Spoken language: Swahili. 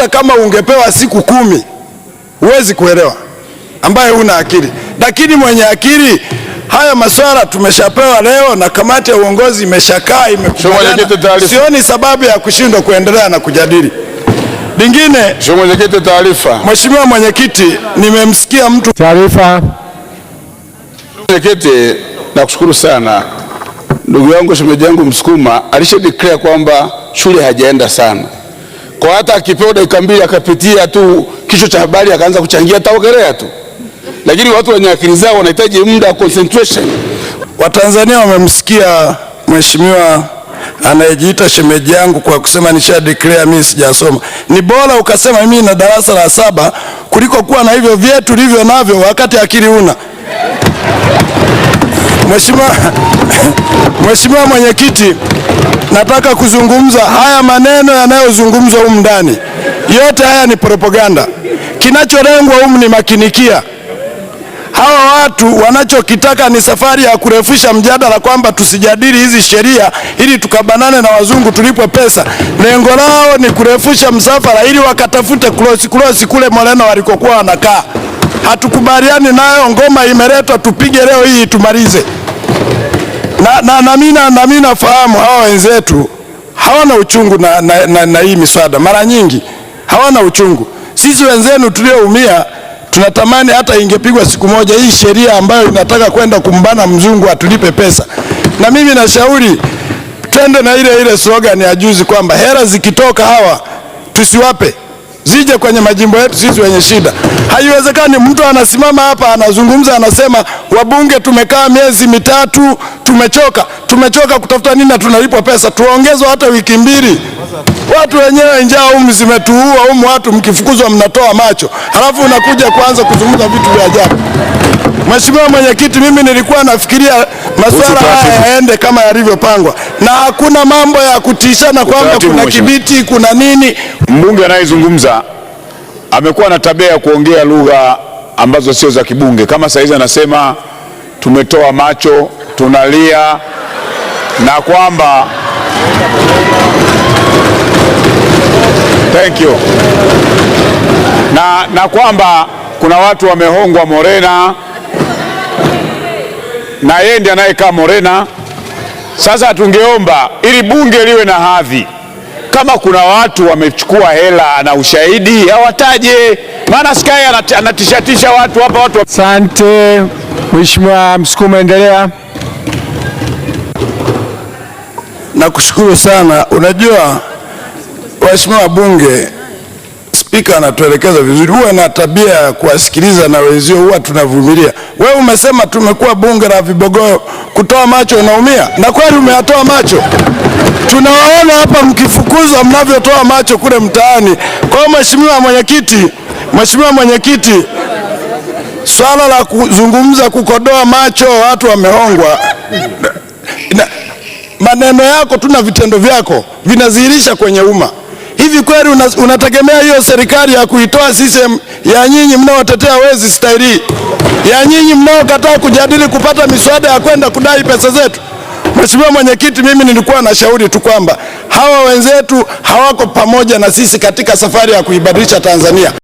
hata kama ungepewa siku kumi huwezi kuelewa, ambaye huna akili. Lakini mwenye akili, haya maswala tumeshapewa leo na kamati ya uongozi imeshakaa, imekubaliana. Sioni sababu ya kushindwa kuendelea na kujadili lingine. Mheshimiwa Mwenyekiti, nimemsikia mtu. Taarifa. Mwenyekiti, nakushukuru sana ndugu yangu shemeji yangu Msukuma alisha declare kwamba shule hajaenda sana kwa hata akipewa dakika mbili akapitia tu kichwa cha habari akaanza kuchangia taogelea tu, lakini watu wenye akili zao wanahitaji muda wa concentration. Watanzania wamemsikia mheshimiwa anayejiita shemeji yangu kwa kusema nisha declare mimi sijasoma. Ni bora ukasema mimi na darasa la saba kuliko kuwa na hivyo vyetu livyo navyo wakati akili una Mheshimiwa Mheshimiwa Mwenyekiti, nataka kuzungumza haya maneno yanayozungumzwa humu ndani, yote haya ni propaganda. Kinacholengwa humu ni makinikia. Hawa watu wanachokitaka ni safari ya kurefusha mjadala, kwamba tusijadili hizi sheria ili tukabanane na wazungu tulipwe pesa. Lengo lao ni kurefusha msafara ili wakatafute close close kule Moreno walikokuwa wanakaa hatukubaliani nayo. Ngoma imeletwa tupige leo hii tumalize. Na, na, na na nafahamu hawa wenzetu hawana uchungu na, na, na, na hii miswada, mara nyingi hawana uchungu. Sisi wenzenu tulioumia tunatamani hata ingepigwa siku moja hii sheria ambayo inataka kwenda kumbana mzungu atulipe pesa. Na mimi nashauri twende na ile ile slogan ya juzi kwamba hela zikitoka hawa tusiwape zije kwenye majimbo yetu sisi wenye shida. Haiwezekani mtu anasimama hapa anazungumza anasema, wabunge tumekaa miezi mitatu, tumechoka. Tumechoka kutafuta nini na tunalipwa pesa? Tuongezwe hata wiki mbili. Watu wenyewe njaa humu zimetuua humu, watu mkifukuzwa mnatoa macho, halafu unakuja kuanza kuzungumza vitu vya ajabu. Mheshimiwa Mwenyekiti, mimi nilikuwa nafikiria masuala haya yaende kama yalivyopangwa, na hakuna mambo ya kutishana kwamba kuna kibiti kuna nini. Mbunge anayezungumza amekuwa na tabia ya kuongea lugha ambazo sio za kibunge, kama saizi anasema tumetoa macho tunalia, na kwamba Thank you. Na, na kwamba kuna watu wamehongwa Morena na yeye ndiye anayekaa Morena. Sasa tungeomba ili bunge liwe na hadhi kama kuna watu wamechukua hela na ushahidi hawataje, maana Sky anatishatisha watu hapa watu. Asante Mheshimiwa Msukuma, endelea. Nakushukuru sana. Unajua waheshimiwa wabunge, spika anatuelekeza vizuri, huwa na tabia ya kuwasikiliza na wenzio, huwa tunavumilia. Wewe umesema tumekuwa bunge la vibogoyo, kutoa macho unaumia, na kweli umeyatoa macho, tunawa hapa mkifukuzwa mnavyotoa macho kule mtaani. Kwa hiyo mheshimiwa mwenyekiti, mheshimiwa mwenyekiti, swala la kuzungumza kukodoa macho watu wameongwa na maneno yako tu na vitendo vyako vinadhihirisha kwenye umma. Hivi kweli unategemea hiyo serikali ya kuitoa CCM ya nyinyi mnaotetea wezi staili, ya nyinyi mnaokataa kujadili kupata miswada ya kwenda kudai pesa zetu? Mheshimiwa Mwenyekiti, mimi nilikuwa na shauri tu kwamba hawa wenzetu hawako pamoja na sisi katika safari ya kuibadilisha Tanzania.